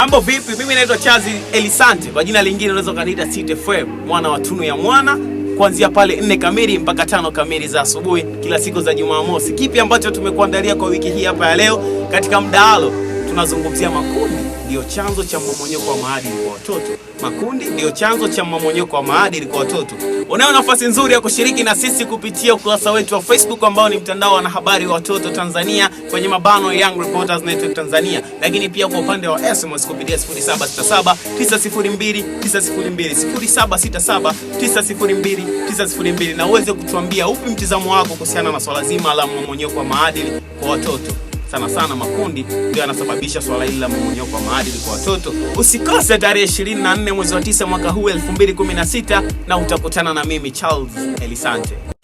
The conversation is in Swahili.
Mambo vipi? Mimi naitwa Chazi Elisante, kwa jina lingine unaweza ukaniita City mwana wa tunu ya mwana, kuanzia pale nne kamili mpaka tano kamili za asubuhi kila siku za Jumamosi. Kipi ambacho tumekuandalia kwa wiki hii hapa ya leo katika mdahalo tunazungumzia makundi ndiyo chanzo cha mmomonyoko wa maadili kwa watoto. Makundi ndiyo chanzo cha mmomonyoko wa maadili kwa watoto. Unayo nafasi nzuri ya kushiriki na sisi kupitia ukurasa wetu wa Facebook ambao ni mtandao wa wanahabari wa watoto Tanzania kwenye mabano Young Reporters Network Tanzania, lakini pia kwa upande wa SMS kupitia 0767 902 902 0767 902 902 na uweze kutuambia upi mtizamo wako kuhusiana na swala zima la mmomonyoko wa maadili kwa watoto sana sana makundi ndio yanasababisha swala hili la mmomonyoko wa maadili kwa watoto. Usikose tarehe 24 mwezi wa 9 mwaka huu 2016 na utakutana na mimi Charles Elisante.